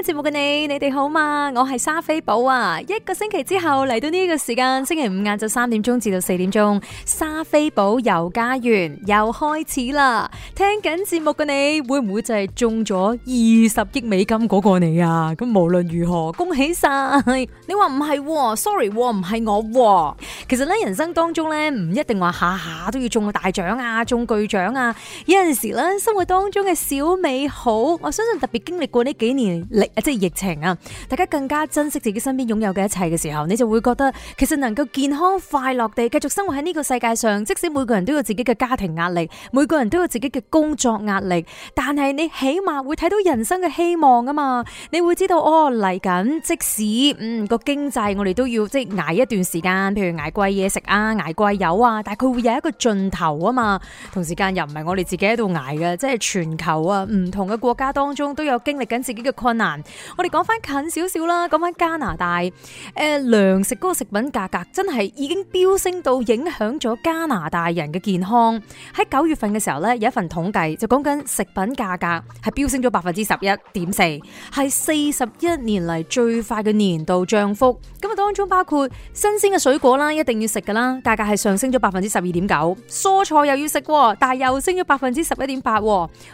聽節目嘅你，你哋好嘛？我係莎菲寶啊！一個星期之後嚟到呢個時間，星期五晏晝三點鐘至到四點鐘，莎菲寶遊加園又開始啦。聽緊節目嘅你會唔會就係中咗二十億美金嗰個你啊？咁無論如何，恭喜晒！你話唔係？Sorry，唔係我。其實咧，人生當中咧，唔一定話下下都要中個大獎啊，中巨獎啊。有陣時咧，生活當中嘅小美好，我相信特別經歷過呢幾年嚟。即係疫情啊！大家更加珍惜自己身邊擁有嘅一切嘅時候，你就會覺得其實能夠健康快樂地繼續生活喺呢個世界上。即使每個人都有自己嘅家庭壓力，每個人都有自己嘅工作壓力，但係你起碼會睇到人生嘅希望啊嘛！你會知道哦，嚟緊即使嗯個經濟我哋都要即係捱一段時間，譬如捱貴嘢食啊，捱貴油啊，但係佢會有一個盡頭啊嘛！同時間又唔係我哋自己喺度捱㗎，即係全球啊，唔同嘅國家當中都有經歷緊自己嘅困難。我哋講翻近少少啦，講翻加拿大，誒、呃、糧食嗰個食品價格真係已經飆升到影響咗加拿大人嘅健康。喺九月份嘅時候呢，有一份統計就講緊食品價格係飆升咗百分之十一點四，係四十一年嚟最快嘅年度漲幅。咁當中包括新鮮嘅水果啦，一定要食噶啦，價格係上升咗百分之十二點九；蔬菜又要食，但係又升咗百分之十一點八；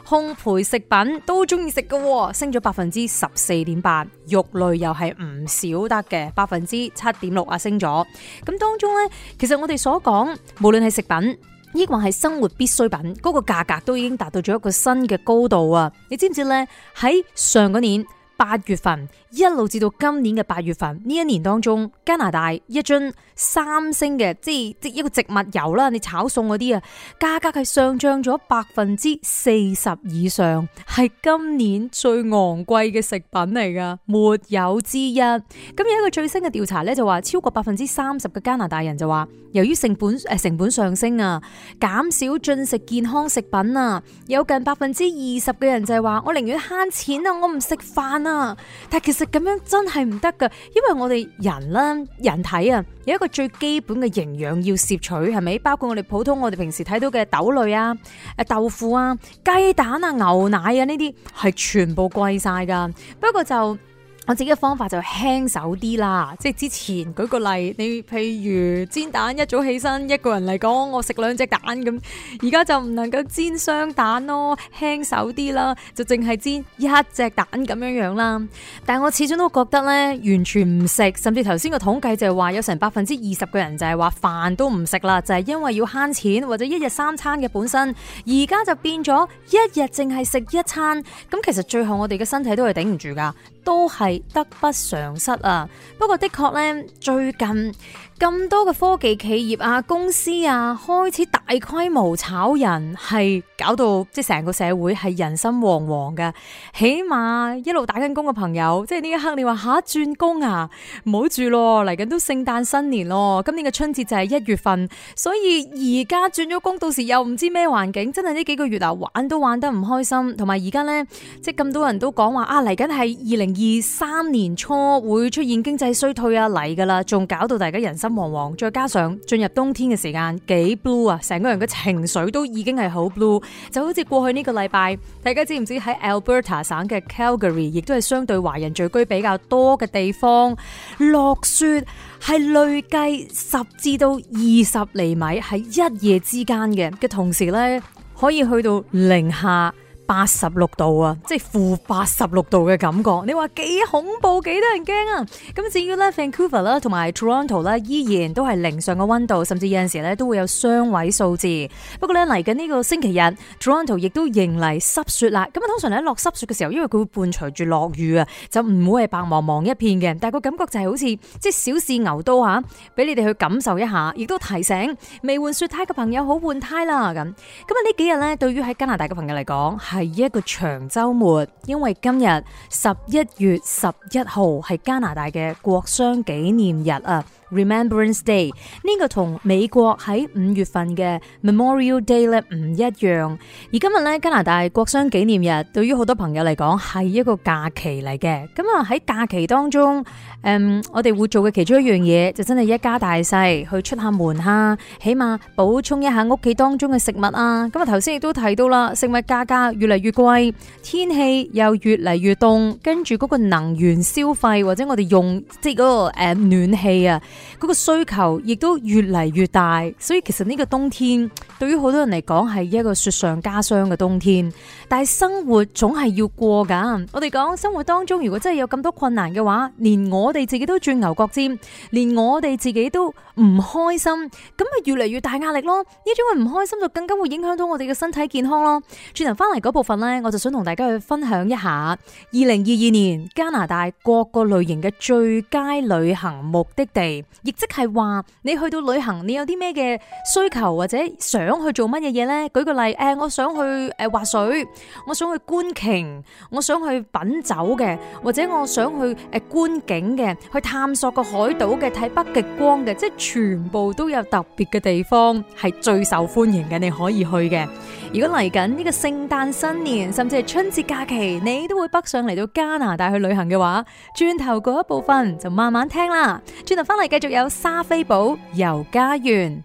烘焙食品都中意食㗎，升咗百分之十。四點八，8，肉類又係唔少得嘅，百分之七點六啊，升咗。咁當中呢，其實我哋所講，無論係食品，抑或係生活必需品，嗰、那個價格都已經達到咗一個新嘅高度啊！你知唔知呢？喺上個年，八月份一路至到今年嘅八月份呢一年當中，加拿大一樽三星嘅即係即一個植物油啦，你炒餸嗰啲啊，價格係上漲咗百分之四十以上，係今年最昂貴嘅食品嚟噶，沒有之一。咁有一個最新嘅調查咧，就話超過百分之三十嘅加拿大人就話，由於成本誒、呃、成本上升啊，減少進食健康食品啊，有近百分之二十嘅人就係話，我寧願慳錢啊，我唔食飯。嗱，但係其實咁樣真係唔得噶，因為我哋人啦，人體啊，有一個最基本嘅營養要攝取，係咪？包括我哋普通我哋平時睇到嘅豆類啊、誒、豆腐啊、雞蛋啊、牛奶啊呢啲，係全部貴晒噶。不過就。我自己嘅方法就輕手啲啦，即係之前舉個例，你譬如煎蛋一早起身，一個人嚟講，我食兩隻蛋咁，而家就唔能夠煎雙蛋咯，輕手啲啦，就淨係煎一隻蛋咁樣樣啦。但係我始終都覺得呢，完全唔食，甚至頭先個統計就係話有成百分之二十嘅人就係話飯都唔食啦，就係因為要慳錢或者一日三餐嘅本身，而家就變咗一日淨係食一餐，咁其實最後我哋嘅身體都係頂唔住噶。都係得不償失啊！不過，的確呢，最近，咁多嘅科技企業啊、公司啊，開始大規模炒人，係搞到即係成個社會係人心惶惶嘅。起碼一路打緊工嘅朋友，即係呢一刻你話吓轉工啊，唔好住咯，嚟緊都聖誕新年咯，今年嘅春節就係一月份，所以而家轉咗工，到時又唔知咩環境，真係呢幾個月啊玩都玩得唔開心，同埋而家咧即係咁多人都講話啊嚟緊係二零二三年初會出現經濟衰退啊嚟噶啦，仲搞到大家人心。心惶惶，再加上進入冬天嘅時間幾 blue 啊！成個人嘅情緒都已經係好 blue，就好似過去呢個禮拜，大家知唔知喺 Alberta 省嘅 Calgary，亦都係相對華人聚居比較多嘅地方，落雪係累計十至到二十厘米，喺一夜之間嘅嘅同時呢，可以去到零下八十六度啊，即係負八十六度嘅感覺，你話幾恐怖幾得人驚啊！咁至於咧 Vancouver 啦，同埋 Toronto 啦，依然都係零上嘅溫度，甚至有陣時咧都會有雙位數字。不過咧嚟緊呢個星期日，Toronto 亦都迎嚟濕雪啦。咁啊，通常咧落濕雪嘅時候，因為佢會伴隨住落雨啊，就唔會係白茫茫一片嘅。但係個感覺就係好似即係小試牛刀嚇，俾你哋去感受一下，亦都提醒未換雪胎嘅朋友好換胎啦。咁咁啊，呢幾日咧，對於喺加拿大嘅朋友嚟講。係一個長周末，因為今日十一月十一號係加拿大嘅國殤紀念日啊！Remembrance Day 呢個同美國喺五月份嘅 Memorial Day 咧，唔一樣。而今日咧，加拿大國殤紀念日，對於好多朋友嚟講係一個假期嚟嘅。咁啊喺假期當中，誒、嗯、我哋會做嘅其中一樣嘢就真係一家大細去出下門啊，起碼補充一下屋企當中嘅食物啊。咁啊頭先亦都提到啦，食物價格越嚟越貴，天氣又越嚟越凍，跟住嗰個能源消費或者我哋用即係嗰個誒暖氣啊。嗰個需求亦都越嚟越大，所以其實呢個冬天對於好多人嚟講係一個雪上加霜嘅冬天。但係生活總係要過㗎。我哋講生活當中，如果真係有咁多困難嘅話，連我哋自己都轉牛角尖，連我哋自己都唔開心，咁咪越嚟越大壓力咯。呢種會唔開心就更加會影響到我哋嘅身體健康咯。轉頭翻嚟嗰部分呢，我就想同大家去分享一下二零二二年加拿大各個類型嘅最佳旅行目的地。亦即係話，你去到旅行，你有啲咩嘅需求或者想去做乜嘢嘢咧舉個例，誒，我想去誒滑水，我想去觀鯨，我想去品酒嘅，或者我想去誒觀景嘅，去探索個海島嘅，睇北極光嘅，即係全部都有特別嘅地方係最受歡迎嘅，你可以去嘅。如果嚟緊呢個聖誕新年，甚至係春節假期，你都會北上嚟到加拿大去旅行嘅話，轉頭嗰一部分就慢慢聽啦。轉頭翻嚟繼續有莎菲寶遊加園。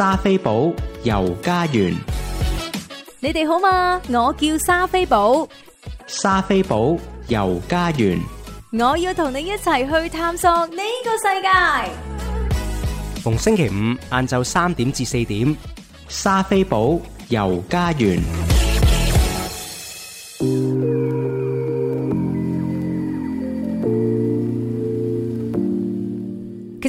莎菲寶遊加園，你哋好嘛？我叫莎菲寶。莎菲寶遊加園，我要同你一齊去探索呢個世界。逢星期五晏晝三點至四點，莎菲寶遊加園。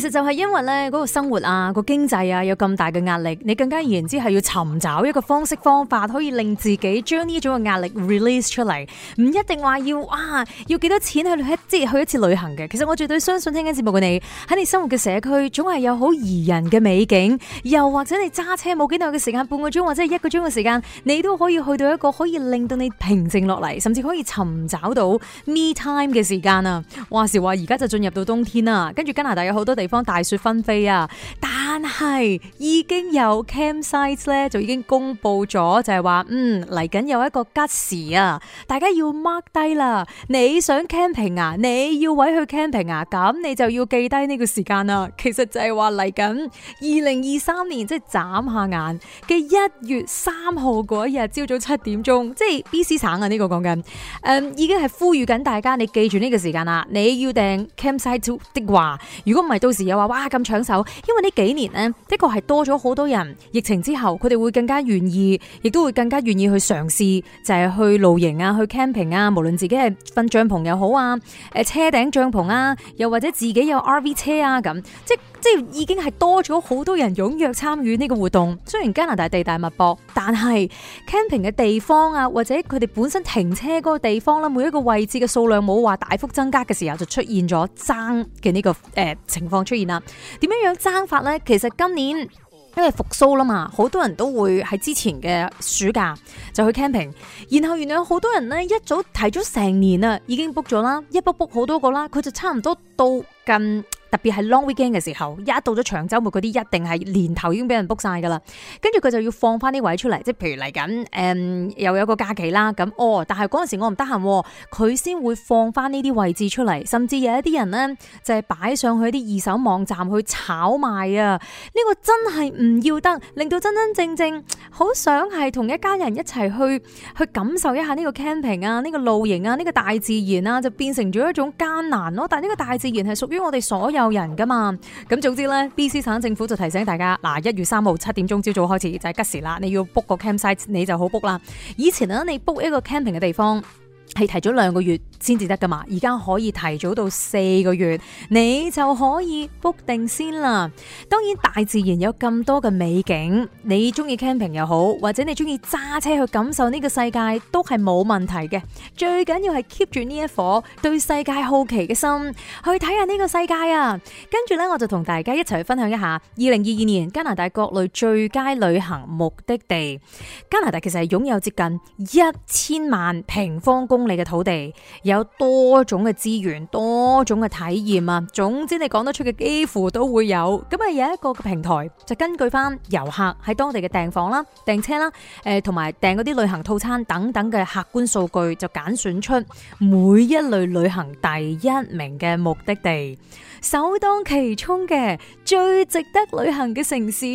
其實就係因為咧個生活啊，個經濟啊有咁大嘅壓力，你更加言之係要尋找一個方式方法，可以令自己將呢種嘅壓力 release 出嚟，唔一定話要哇要幾多錢去一即係去一次旅行嘅。其實我絕對相信聽緊節目嘅你喺你生活嘅社區，總係有好宜人嘅美景，又或者你揸車冇幾耐嘅時間，半個鐘或者一個鐘嘅時間，你都可以去到一個可以令到你平靜落嚟，甚至可以尋找到 me time 嘅時間啊！話時話，而家就進入到冬天啦，跟住加拿大有好多地。方大雪紛飛啊！但係已經有 campsite 咧，就已經公布咗，就係話嗯，嚟緊有一個吉時啊！大家要 mark 低啦！你想 camping 啊，你要位去 camping 啊，咁你就要記低呢個時間啦。其實就係話嚟緊二零二三年，即係眨下眼嘅一月三號一日朝早七點鐘，即係 BC 省啊呢個講緊，誒，嗯，已經係呼籲緊大家，你記住呢個時間啦！你要訂 campsite 的話，如果唔係到時。有話哇，咁搶手，因為呢幾年呢，的確係多咗好多人，疫情之後佢哋會更加願意，亦都會更加願意去嘗試，就係、是、去露營啊、去 camping 啊，無論自己係瞓帳篷又好啊，誒車頂帳篷啊，又或者自己有 RV 車啊咁，即即係已經係多咗好多人踴躍參與呢個活動。雖然加拿大地大物博，但係 camping 嘅地方啊，或者佢哋本身停車嗰個地方啦，每一個位置嘅數量冇話大幅增加嘅時候，就出現咗爭嘅呢個誒、呃、情況。出現啦，點樣樣爭法咧？其實今年因為復蘇啦嘛，好多人都會喺之前嘅暑假就去 camping，然後原來有好多人咧，一早睇咗成年啦，已經 book 咗啦，一 book book 好多個啦，佢就差唔多到近。特別係 long weekend 嘅時候，一到咗長週末，嗰啲一定係年頭已經俾人 book 晒㗎啦。跟住佢就要放翻啲位出嚟，即係譬如嚟緊誒又有一個假期啦。咁哦，但係嗰陣時我唔得閒，佢先會放翻呢啲位置出嚟。甚至有一啲人呢，就係、是、擺上去啲二手網站去炒賣啊。呢、這個真係唔要得，令到真真正正好想係同一家人一齊去去感受一下呢個 camping 啊，呢個露營啊，呢、這個啊這個大自然啊，就變成咗一種艱難咯。但係呢個大自然係屬於我哋所有。救人噶嘛？咁總之呢 BC 省政府就提醒大家，嗱，一月三號七點鐘朝早開始就係、是、吉時啦，你要 book 個 campsite 你就好 book 啦。以前呢，你 book 一個 camping 嘅地方。係提早兩個月先至得㗎嘛，而家可以提早到四個月，你就可以 book 定先啦。當然大自然有咁多嘅美景，你中意 camping 又好，或者你中意揸車去感受呢個世界都係冇問題嘅。最緊要係 keep 住呢一顆對世界好奇嘅心，去睇下呢個世界啊！跟住呢，我就同大家一齊分享一下二零二二年加拿大國內最佳旅行目的地。加拿大其實係擁有接近一千萬平方公公里嘅土地，有多種嘅資源，多種嘅體驗啊。總之你講得出嘅幾乎都會有咁啊。有一個嘅平台就根據翻，遊客喺當地嘅訂房啦、訂車啦、誒同埋訂嗰啲旅行套餐等等嘅客觀數據，就揀選出每一類旅行第一名嘅目的地，首當其衝嘅最值得旅行嘅城市。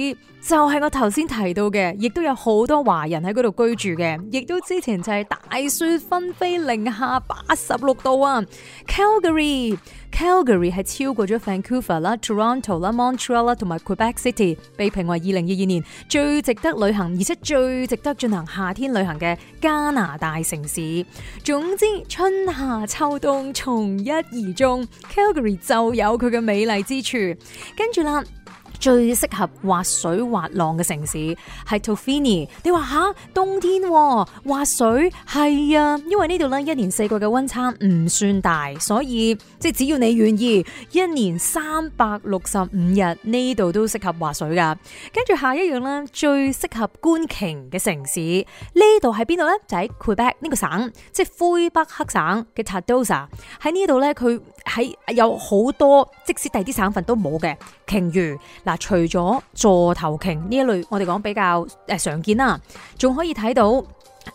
就係我頭先提到嘅，亦都有好多華人喺嗰度居住嘅，亦都之前就係大雪紛飛，零下八十六度啊！Calgary，Calgary 係 Cal 超過咗 Vancouver 啦、Toronto 啦、Montreal 啦同埋 Quebec City，被評為二零二二年最值得旅行，而且最值得進行夏天旅行嘅加拿大城市。總之，春夏秋冬，從一而終，Calgary 就有佢嘅美麗之處。跟住啦。最適合滑水滑浪嘅城市係 Tofini，你話吓冬天、啊、滑水係啊，因為呢度一年四季嘅溫差唔算大，所以即係只要你願意，一年三百六十五日呢度都適合滑水噶。跟住下一樣呢，最適合觀鯨嘅城市呢度喺邊度呢？就喺 Quebec 呢個省，即係魁北克省嘅 Tadosa，喺呢度呢，佢。喺有好多，即使第啲省份都冇嘅鯨魚。嗱，除咗座頭鯨呢一類，我哋講比較誒常見啦，仲可以睇到誒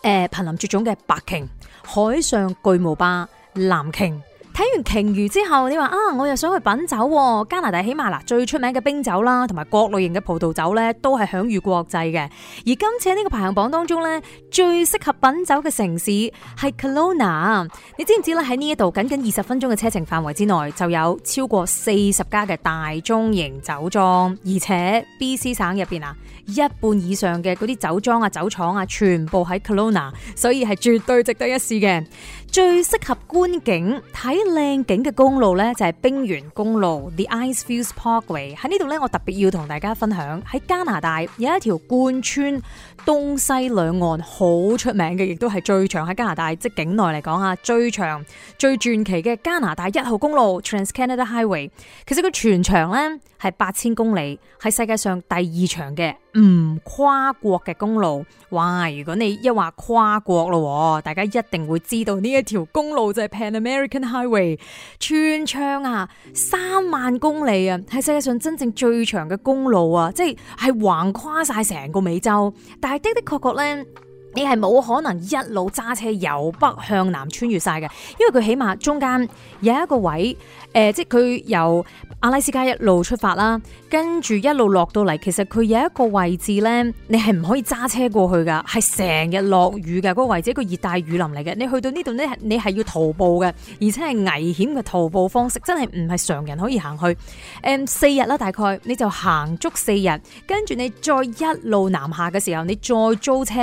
瀕臨絕種嘅白鯨、海上巨無霸、藍鯨。睇完鯨魚之後，你話啊，我又想去品酒，哦。加拿大起碼嗱，最出名嘅冰酒啦，同埋各類型嘅葡萄酒呢，都係享譽國際嘅。而今次喺呢個排行榜當中呢，最適合品酒嘅城市係 Kelowna。你知唔知咧？喺呢一度僅僅二十分鐘嘅車程範圍之內，就有超過四十家嘅大中型酒莊，而且 BC 省入面啊，一半以上嘅嗰啲酒莊啊、酒廠啊，全部喺 Kelowna，所以係絕對值得一試嘅。最適合觀景睇靚景嘅公路呢，就係冰原公路 The Icefields Parkway。喺呢度呢，我特別要同大家分享喺加拿大有一條貫穿東西兩岸好出名嘅，亦都係最長喺加拿大即境內嚟講啊，最長最傳奇嘅加拿大一號公路 Trans Canada Highway。其實佢全長呢係八千公里，係世界上第二長嘅。唔跨國嘅公路，哇！如果你一話跨國咯，大家一定會知道呢一條公路就係 Pan American Highway，穿槍啊，三萬公里啊，係世界上真正最長嘅公路啊，即係係橫跨晒成個美洲。但係的的確確咧，你係冇可能一路揸車由北向南穿越晒嘅，因為佢起碼中間有一個位，誒、呃，即係佢由。阿拉斯加一路出發啦，跟住一路落到嚟，其實佢有一個位置呢，你係唔可以揸車過去噶，係成日落雨嘅嗰、嗰個位置，一個熱帶雨林嚟嘅，你去到呢度呢，你係要徒步嘅，而且係危險嘅徒步方式，真係唔係常人可以行去。Um, 四日啦，大概你就行足四日，跟住你再一路南下嘅時候，你再租車，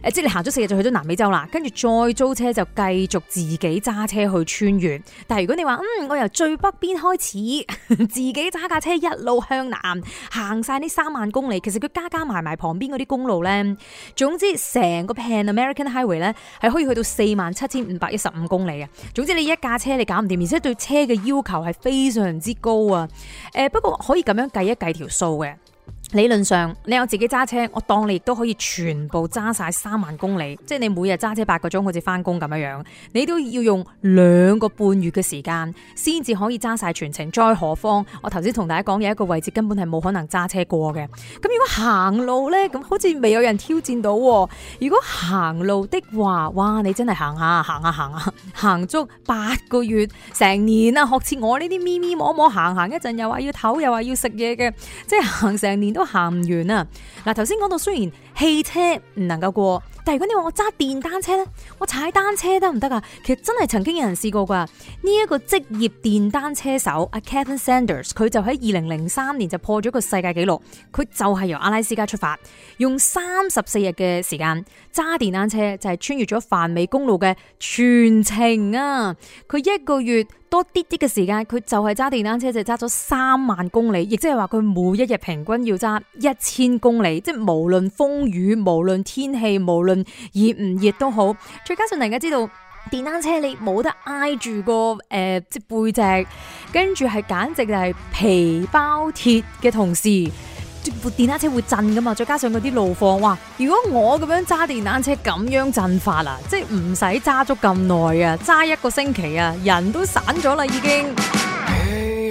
呃、即係你行咗四日就去到南美洲啦，跟住再租車就繼續自己揸車去穿越。但係如果你話，嗯，我由最北邊開始。 自己揸架車一路向南行晒呢三萬公里，其實佢加加埋埋旁邊嗰啲公路呢，總之成個 Pan American Highway 呢，係可以去到四萬七千五百一十五公里嘅。總之你一架車你搞唔掂，而且對車嘅要求係非常之高啊！誒，不過可以咁樣計一計條數嘅。理論上，你有自己揸車，我當你都可以全部揸晒三萬公里，即係你每日揸車八個鐘，好似翻工咁樣樣你都要用兩個半月嘅時間先至可以揸晒全程。再何況，我頭先同大家講，有一個位置根本係冇可能揸車過嘅。咁如果行路呢？咁好似未有人挑戰到。如果行路的話，哇，你真係行下、啊、行下、啊、行下、啊、行足八個月成年啊！學似我呢啲咪咪摸摸行行一陣，又話要唞，又話要食嘢嘅，即係行成年都～行唔完啊！嗱，頭先講到雖然。汽車唔能夠過，但如果你話我揸電單車咧，我踩單車得唔得啊？其實真係曾經有人試過㗎。呢、這、一個職業電單車手阿 Captain Sanders，佢就喺二零零三年就破咗個世界紀錄，佢就係由阿拉斯加出發，用三十四日嘅時間揸電單車就係穿越咗泛美公路嘅全程啊！佢一個月多啲啲嘅時間佢就係揸電單車就揸咗三萬公里，亦即係話佢每一日平均要揸一千公里，即係無論風雨。雨，無論天氣，無論熱唔熱都好，再加上大家知道電單車你冇得挨住個誒即、呃、背脊，跟住係簡直就係皮包鐵嘅同時，部電單車會震噶嘛，再加上嗰啲路況，哇！如果我咁樣揸電單車咁樣震發啦，即係唔使揸足咁耐啊，揸一個星期啊，人都散咗啦已經。Hey,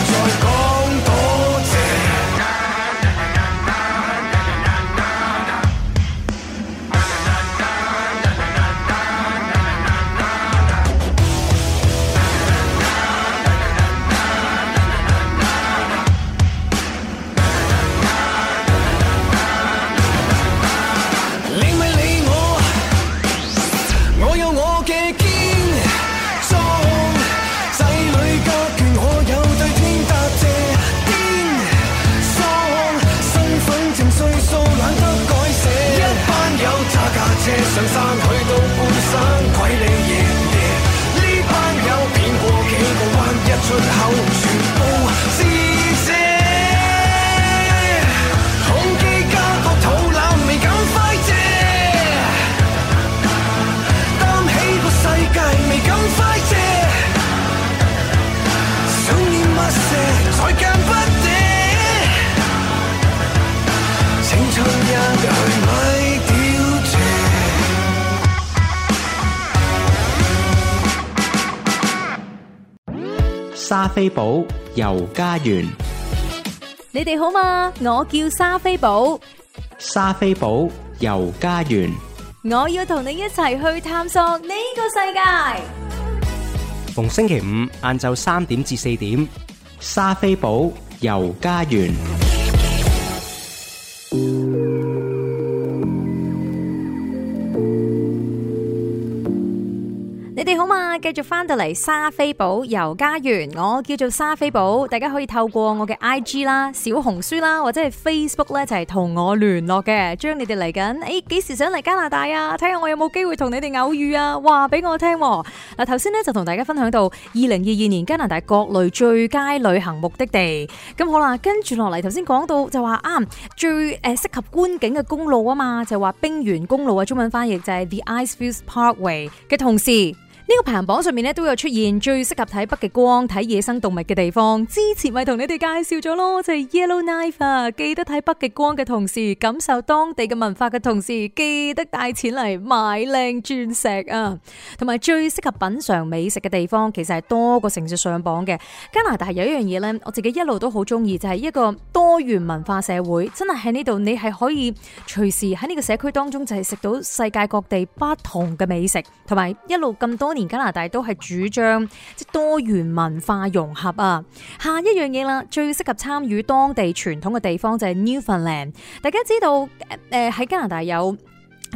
莎菲寶遊加園，你哋好嘛？我叫莎菲寶，莎菲寶遊加園，我要同你一齊去探索呢個世界。逢星期五晏晝三點至四點，莎菲寶遊加園。繼續翻到嚟莎菲寶遊家園，我叫做莎菲寶，大家可以透過我嘅 I G 啦、小紅書啦或者係 Facebook 咧，就係同我聯絡嘅，將你哋嚟緊誒幾時想嚟加拿大啊，睇下我有冇機會同你哋偶遇啊？話俾我聽嗱。頭先咧就同大家分享到二零二二年加拿大各類最佳旅行目的地咁好啦。跟住落嚟，頭先講到就話啱最誒適合觀景嘅公路啊嘛，就話冰原公路啊，中文翻譯就係 The Icefields Parkway 嘅同時。呢個排行榜上面咧都有出現最適合睇北極光、睇野生動物嘅地方。之前咪同你哋介紹咗咯，就係、是、Yellowknife 啊！記得睇北極光嘅同時，感受當地嘅文化嘅同時，記得帶錢嚟買靚鑽石啊！同埋最適合品嘗美食嘅地方，其實係多個城市上榜嘅。加拿大有一樣嘢呢，我自己一路都好中意，就係、是、一個多元文化社會。真係喺呢度，你係可以隨時喺呢個社區當中，就係食到世界各地不同嘅美食，同埋一路咁多年。加拿大都係主張即多元文化融合啊！下一樣嘢啦，最適合參與當地傳統嘅地方就係 Newfoundland。大家知道誒喺、呃、加拿大有。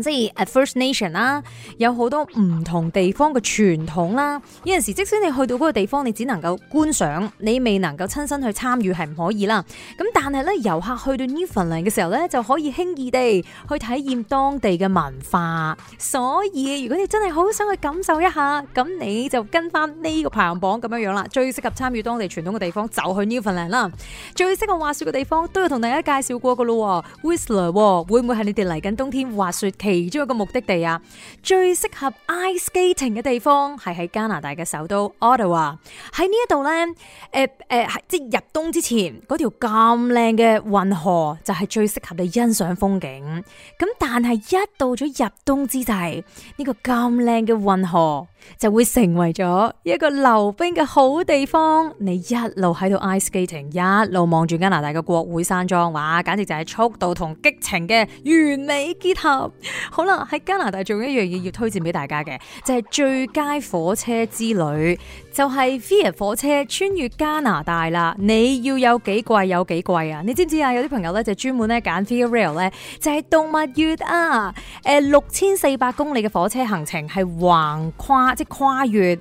即係 At First Nation 啦，有好多唔同地方嘅傳統啦。有陣時候即使你去到嗰個地方，你只能夠觀賞，你未能夠親身去參與，係唔可以啦。咁但係咧，遊客去到 Newfoundland 嘅時候咧，就可以輕易地去體驗當地嘅文化。所以，如果你真係好想去感受一下，咁你就跟翻呢個排行榜咁樣樣啦，最適合參與當地傳統嘅地方就去 Newfoundland 啦。最適合滑雪嘅地方都有同大家介紹過噶啦，Whistler 會唔會係你哋嚟緊冬天滑雪？其中一個目的地啊，最適合 ice skating 嘅地方係喺加拿大嘅首都 Ottawa。喺呢一度呢，誒、呃、誒、呃，即係入冬之前嗰條咁靚嘅運河就係最適合你欣賞風景。咁但係一到咗入冬之際，呢個咁靚嘅運河，就會成為咗一個溜冰嘅好地方。你一路喺度 ice skating，一路望住加拿大嘅國會山莊，哇！簡直就係速度同激情嘅完美結合好了。好啦，喺加拿大仲有一樣嘢要推薦俾大家嘅，就係最佳火車之旅，就係 Via 火車穿越加拿大啦。你要有幾貴有幾貴啊？你知唔知啊？有啲朋友呢，就專門呢揀 Via Rail 呢就係動物月啊！誒，六千四百公里嘅火車行程係橫跨。即跨越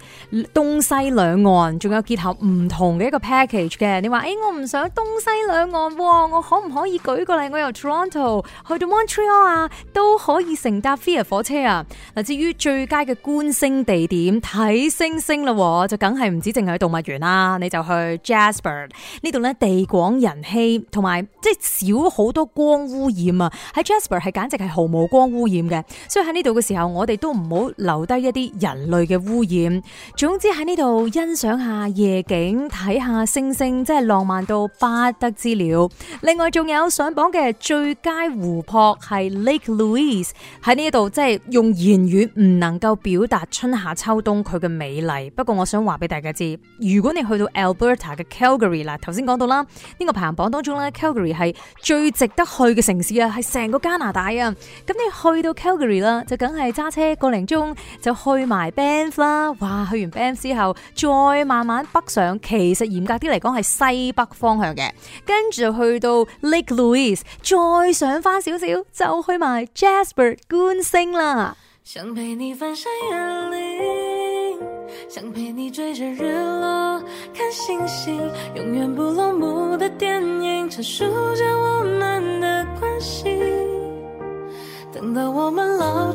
東西兩岸，仲有結合唔同嘅一個 package 嘅。你話誒、欸，我唔想東西兩岸，我可唔可以舉個例？我由 Toronto 去到 Montreal 啊，都可以乘搭 Via 火車啊。嗱，至於最佳嘅觀星地點睇星星啦，就梗係唔止淨係去動物園啦，你就去 Jasper 呢度咧，地廣人稀，同埋即係少好多光污染啊。喺 Jasper 係簡直係毫無光污染嘅，所以喺呢度嘅時候，我哋都唔好留低一啲人類嘅污染，總之喺呢度欣賞下夜景，睇下星星，真係浪漫到不得之了。另外仲有上榜嘅最佳湖泊係 Lake Louise，喺呢度即係用言語唔能夠表達春夏秋冬佢嘅美麗。不過我想話俾大家知，如果你去到 Alberta 嘅 Calgary 啦，頭先講到啦，呢個排行榜當中咧，Calgary 係最值得去嘅城市啊，係成個加拿大啊。咁你去到 Calgary 啦，就梗係揸車個零鐘就去埋啦，哇！去完 Band 之後，再慢慢北上，其實嚴格啲嚟講係西北方向嘅，跟住就去到 Lake Louise，再上翻少少就去埋 Jasper 觀星啦星。永遠不落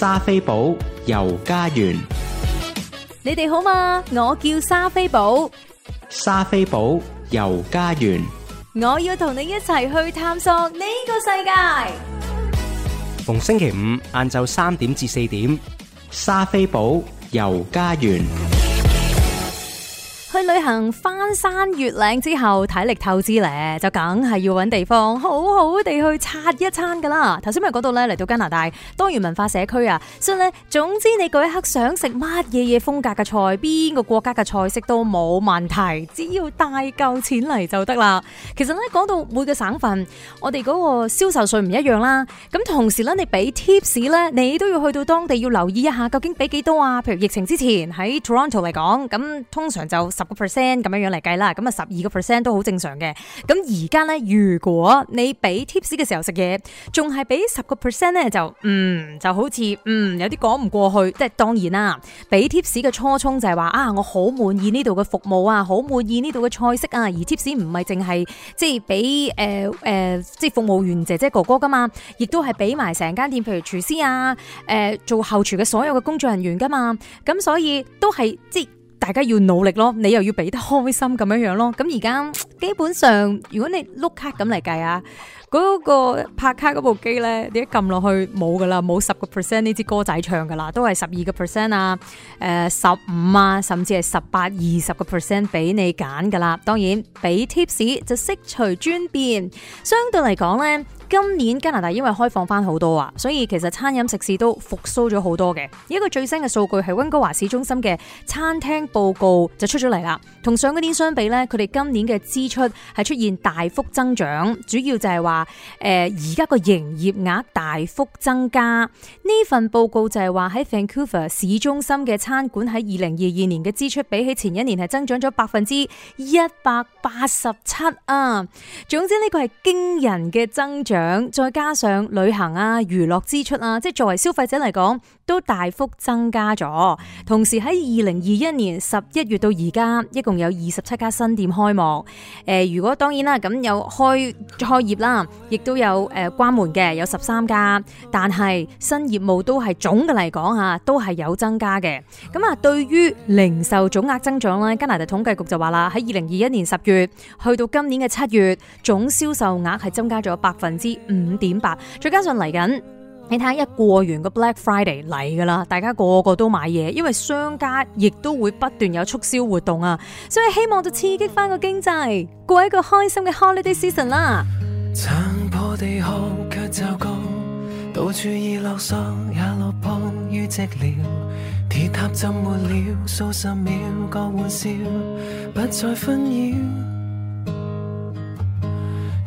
莎菲寶遊加園，你哋好嘛？我叫莎菲寶，莎菲寶遊加園，我要同你一齊去探索呢個世界。逢星期五晏晝三點至四點，莎菲寶遊加園。去旅行翻山越嶺之後，體力透支咧，就梗係要揾地方好好地去拆一餐噶啦。頭先咪講到呢，嚟到加拿大多元文化社區啊，所以呢，總之你嗰一刻想食乜嘢嘢風格嘅菜，邊個國家嘅菜式都冇問題，只要帶夠錢嚟就得啦。其實呢，講到每個省份，我哋嗰個銷售稅唔一樣啦。咁同時呢，你俾 tips 呢，你都要去到當地要留意一下，究竟俾幾多啊？譬如疫情之前喺 Toronto 嚟講，咁通常就～十個 percent 咁樣樣嚟計啦，咁啊十二個 percent 都好正常嘅。咁而家咧，如果你俾 tips 嘅時候食嘢，仲係俾十個 percent 咧，就嗯就好似嗯有啲講唔過去。即係當然啦，俾 tips 嘅初衷就係話啊，我好滿意呢度嘅服務啊，好滿意呢度嘅菜式啊。而 tips 唔係淨係即係俾誒誒，即係、呃呃、服務員姐姐哥哥噶嘛，亦都係俾埋成間店，譬如廚師啊，誒、呃、做後廚嘅所有嘅工作人員噶嘛。咁所以都係即大家要努力咯，你又要俾得開心咁樣樣咯。咁而家基本上，如果你碌卡咁嚟計啊，嗰個拍卡嗰部機咧，你一撳落去冇噶啦，冇十個 percent 呢支歌仔唱噶啦，都係十二個 percent 啊，誒十五啊，甚至係十八、二十個 percent 俾你揀噶啦。當然俾 tips 就悉隨尊便，相對嚟講咧。今年加拿大因為開放翻好多啊，所以其實餐飲食肆都復甦咗好多嘅。一個最新嘅數據係温哥華市中心嘅餐廳報告就出咗嚟啦。同上個年相比咧，佢哋今年嘅支出係出現大幅增長，主要就係話誒而家個營業額大幅增加。呢份報告就係話喺 Vancouver 市中心嘅餐館喺二零二二年嘅支出比起前一年係增長咗百分之一百八十七啊。總之呢個係驚人嘅增長。再加上旅行啊、娛樂支出啊，即係作為消費者嚟講都大幅增加咗。同時喺二零二一年十一月到而家，一共有二十七家新店開幕。誒如果當然啦，咁有開開業啦，亦都有誒關門嘅，有十三家。但係新業務都係總嘅嚟講吓都係有增加嘅。咁啊，對於零售總額增長咧，加拿大統計局就話啦，喺二零二一年十月去到今年嘅七月，總銷售額係增加咗百分之。五點八，再加上嚟緊，你睇下一過完個 Black Friday 嚟噶啦，大家個個都買嘢，因為商家亦都會不斷有促銷活動啊，所以希望就刺激翻個經濟，過一個開心嘅 Holiday Season 啦。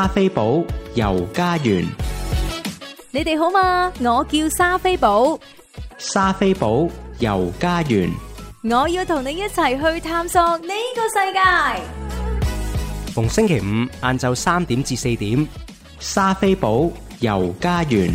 莎菲寶遊加園，你哋好嘛？我叫莎菲寶，莎菲寶遊加園，我要同你一齊去探索呢個世界。逢星期五晏晝三點至四點，莎菲寶遊加園。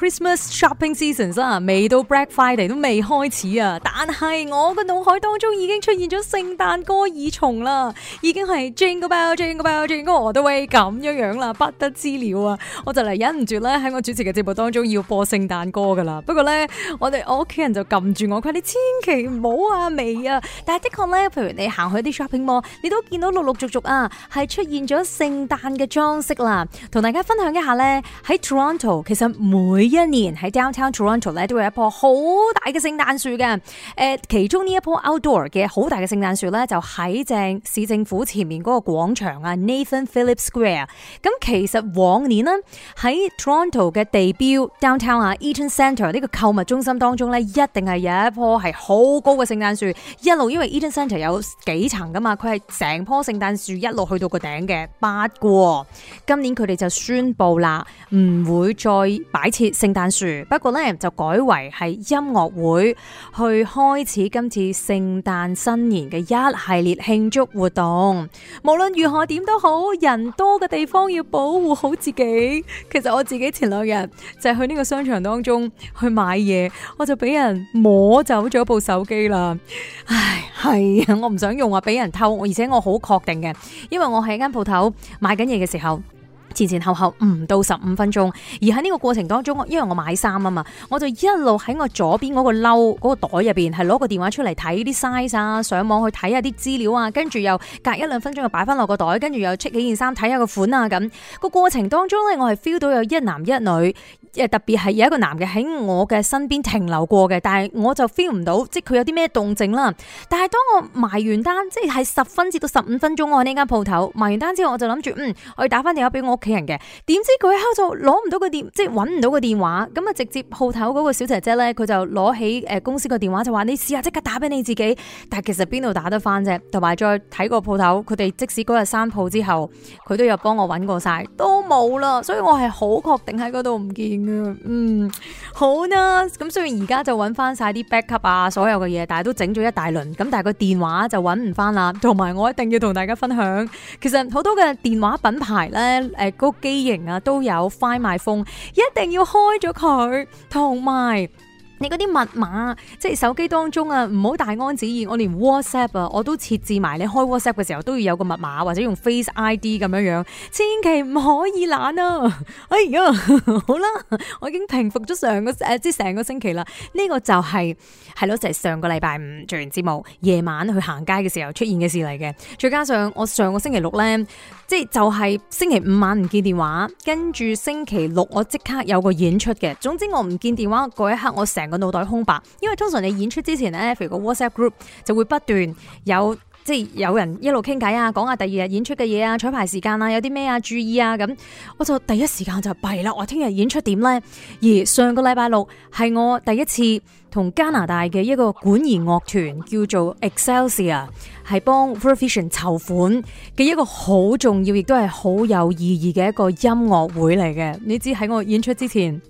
Christmas shopping season 啦，未到 Black Friday 都未開始啊，但係我嘅腦海當中已經出現咗聖誕歌耳蟲啦，已經係 Jingle Bell Jingle Bell Jingle All the Way 咁樣樣啦，不得之了啊！我就嚟忍唔住咧，喺我主持嘅節目當中要播聖誕歌噶啦。不過咧，我哋我屋企人就撳住我，佢話你千祈唔好啊，未啊！但係的確咧，譬如你行去啲 shopping mall，你都見到陸陸續續啊，係出現咗聖誕嘅裝飾啦。同大家分享一下咧，喺 Toronto 其實每一年喺 Downtown Toronto 咧，都有一棵好大嘅聖誕樹嘅。誒，其中呢一棵 Outdoor 嘅好大嘅聖誕樹咧，就喺正市政府前面嗰個廣場啊，Nathan Phillips Square。咁其實往年咧喺 Toronto 嘅地標 Downtown 啊、e、，Eaton Centre 呢個購物中心當中咧，一定係有一棵係好高嘅聖誕樹。一路因為 Eaton Centre 有幾層噶嘛，佢係成棵聖誕樹一路去到個頂嘅，八個。今年佢哋就宣布啦，唔會再擺設。聖誕樹，不過呢，就改為係音樂會，去開始今次聖誕新年嘅一系列慶祝活動。無論如何點都好，人多嘅地方要保護好自己。其實我自己前兩日就係去呢個商場當中去買嘢，我就俾人摸走咗部手機啦。唉，係啊，我唔想用話俾人偷，而且我好確定嘅，因為我喺間鋪頭買緊嘢嘅時候。前前後後唔到十五分鐘，而喺呢個過程當中，因為我買衫啊嘛，我就一路喺我左邊嗰個褸嗰個袋入邊，係攞個電話出嚟睇啲 size 啊，上網去睇下啲資料啊，跟住又隔一兩分鐘又擺翻落個袋，跟住又 check 幾件衫睇下個款啊咁。個過程當中呢，我係 feel 到有一男一女。特別係有一個男嘅喺我嘅身邊停留過嘅，但係我就 feel 唔到，即係佢有啲咩動靜啦。但係當我埋完單，即係十分至到十五分鐘我喺呢間鋪頭埋完單之後，我就諗住嗯，我要打翻電話俾我屋企人嘅。點知佢後就攞唔到個電，即係揾唔到個電話。咁啊，直接鋪頭嗰個小姐姐呢，佢就攞起誒公司個電話就話：你試下即刻打俾你自己。但係其實邊度打得翻啫？同埋再睇個鋪頭，佢哋即使嗰日閂鋪之後，佢都有幫我揾過曬，都冇啦。所以我係好確定喺嗰度唔見。嗯，好啦，咁雖然而家就揾翻晒啲 backup 啊，所有嘅嘢，但係都整咗一大輪，咁但係個電話就揾唔翻啦，同埋我一定要同大家分享，其實好多嘅電話品牌呢，誒，嗰機型啊都有 Find My Phone，一定要開咗佢，同埋。你嗰啲密碼，即係手機當中啊，唔好大安旨意。我連 WhatsApp 啊，我都設置埋，你開 WhatsApp 嘅時候都要有個密碼，或者用 Face ID 咁樣樣，千祈唔可以懶啊！哎呀，好啦，我已經平復咗上個即係成、呃、個星期啦。呢、這個就係係咯，就係、是、上個禮拜五做完節目，夜晚去行街嘅時候出現嘅事嚟嘅。再加上我上個星期六呢。即就係星期五晚唔見電話，跟住星期六我即刻有個演出嘅。總之我唔見電話嗰一刻，我成個腦袋空白，因為通常你演出之前呢，譬如個 WhatsApp group 就會不斷有。即係有人一路傾偈啊，講下第二日演出嘅嘢啊，彩排時間啊，有啲咩啊，注意啊，咁我就第一時間就弊啦。我聽日演出點呢？而上個禮拜六係我第一次同加拿大嘅一個管弦樂團叫做 Excelsia 係幫 Profession 籌款嘅一個好重要，亦都係好有意義嘅一個音樂會嚟嘅。你知喺我演出之前。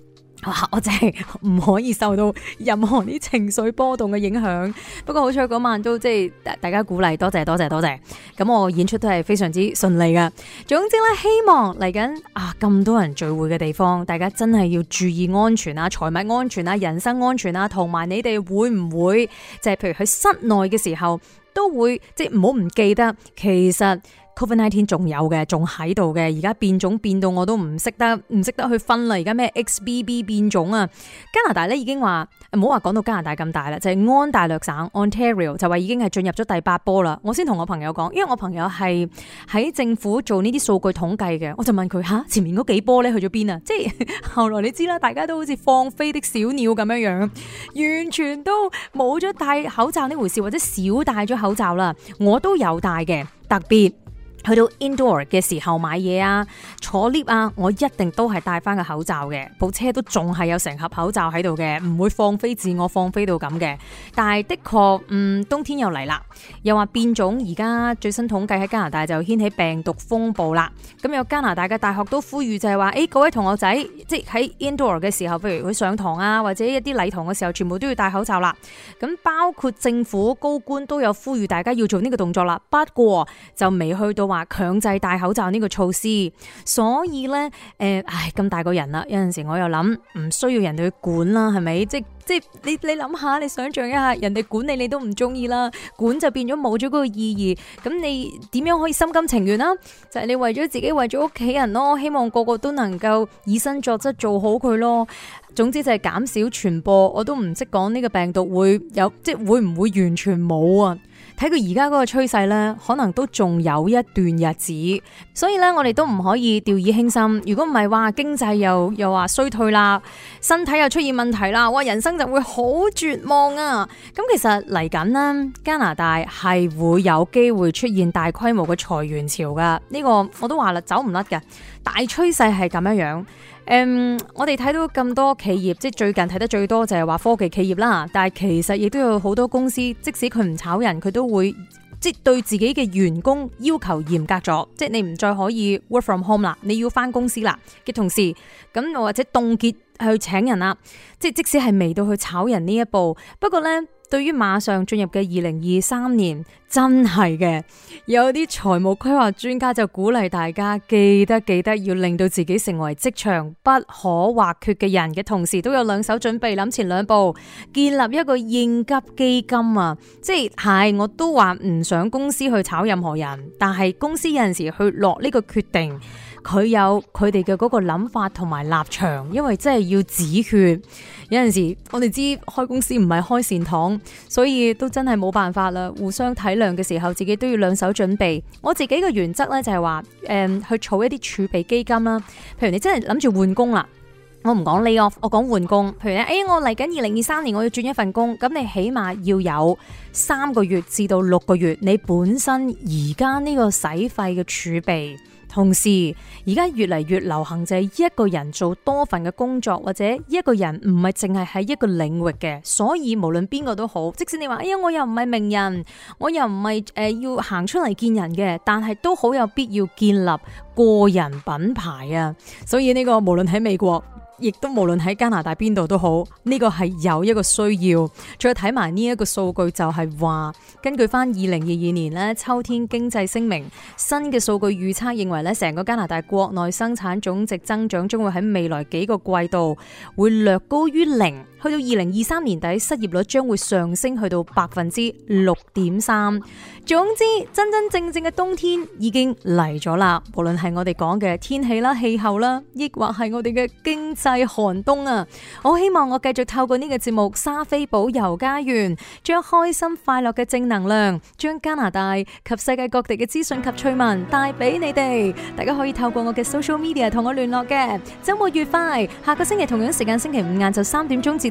我真係唔可以受到任何啲情緒波動嘅影響。不過好彩嗰晚都即係大大家鼓勵，多謝多謝多謝。咁我演出都係非常之順利㗎。總之咧，希望嚟緊啊咁多人聚會嘅地方，大家真係要注意安全啊、財物安全啊、人身安全啊，同埋你哋會唔會即係譬如喺室內嘅時候都會即係唔好唔記得其實。COVID-19 仲有嘅，仲喺度嘅。而家變種變到我都唔識得，唔識得去分啦。而家咩 XBB 變種啊？加拿大咧已經話唔好話講到加拿大咁大啦，就係、是、安大略省 Ontario 就話已經係進入咗第八波啦。我先同我朋友講，因為我朋友係喺政府做呢啲數據統計嘅，我就問佢吓、啊、前面嗰幾波咧去咗邊啊？即係後來你知啦，大家都好似放飛的小鳥咁樣樣，完全都冇咗戴口罩呢回事，或者少戴咗口罩啦。我都有戴嘅，特別。去到 indoor 嘅時候買嘢啊、坐 lift 啊，我一定都係戴翻個口罩嘅。部車都仲係有成盒口罩喺度嘅，唔會放飛自我放飛到咁嘅。但係的確，嗯，冬天又嚟啦，又話變種，而家最新統計喺加拿大就掀起病毒風暴啦。咁有加拿大嘅大學都呼籲就，就係話，誒各位同學仔，即係喺 indoor 嘅時候，譬如佢上堂啊，或者一啲禮堂嘅時候，全部都要戴口罩啦。咁包括政府高官都有呼籲大家要做呢個動作啦。不過就未去到，話強制戴口罩呢個措施，所以呢，誒，唉，咁大個人啦，有陣時我又諗唔需要人哋去管啦，係咪？即係即係你你諗下，你想象一下，人哋管你，你都唔中意啦，管就變咗冇咗嗰個意義。咁你點樣可以心甘情願啦？就係你為咗自己，為咗屋企人咯，希望個個都能夠以身作則做好佢咯。總之就係減少傳播，我都唔識講呢個病毒會有，即會唔會完全冇啊？睇佢而家嗰個趨勢咧，可能都仲有一段日子，所以咧我哋都唔可以掉以輕心。如果唔係話經濟又又話衰退啦，身體又出現問題啦，哇，人生就會好絕望啊！咁其實嚟緊咧，加拿大係會有機會出現大規模嘅裁員潮噶。呢個我都話啦，走唔甩嘅大趨勢係咁樣樣。誒，um, 我哋睇到咁多企業，即係最近睇得最多就係話科技企業啦，但係其實亦都有好多公司，即使佢唔炒人，佢都會即對自己嘅員工要求嚴格咗，即係你唔再可以 work from home 啦，你要返公司啦嘅同時，咁或者凍結去請人啦，即係即使係未到去炒人呢一步，不過呢。對於馬上進入嘅二零二三年，真係嘅有啲財務規劃專家就鼓勵大家記得記得要令到自己成為職場不可或缺嘅人嘅同時，都有兩手準備，諗前兩步，建立一個應急基金啊！即係，我都話唔想公司去炒任何人，但係公司有陣時去落呢個決定。佢有佢哋嘅嗰個諗法同埋立場，因為真係要止血。有陣時我哋知開公司唔係開善堂，所以都真係冇辦法啦。互相體諒嘅時候，自己都要兩手準備。我自己嘅原則呢、就是，就係話，誒去儲一啲儲備基金啦。譬如你真係諗住換工啦，我唔講 lay off，我講換工。譬如呢、欸，我嚟緊二零二三年我要轉一份工，咁你起碼要有三個月至到六個月，你本身而家呢個使費嘅儲備。同時，而家越嚟越流行就係一個人做多份嘅工作，或者一個人唔係淨係喺一個領域嘅，所以無論邊個都好，即使你話：哎呀，我又唔係名人，我又唔係、呃、要行出嚟見人嘅，但係都好有必要建立個人品牌啊！所以呢個無論喺美國，亦都無論喺加拿大邊度都好，呢個係有一個需要。再睇埋呢一個數據，就係話根據翻二零二二年咧秋天經濟聲明，新嘅數據預測認為咧，成個加拿大國內生產總值增長將會喺未來幾個季度會略高於零。去到二零二三年底，失業率將會上升去到百分之六點三。總之，真真正正嘅冬天已經嚟咗啦。無論係我哋講嘅天氣啦、氣候啦，亦或係我哋嘅經濟寒冬啊，我希望我繼續透過呢個節目《莎菲寶遊加園》將開心快樂嘅正能量，將加拿大及世界各地嘅資訊及趣聞帶俾你哋。大家可以透過我嘅 social media 同我聯絡嘅。周末愉快，下個星期同樣時間星期五晏晝三點鐘至。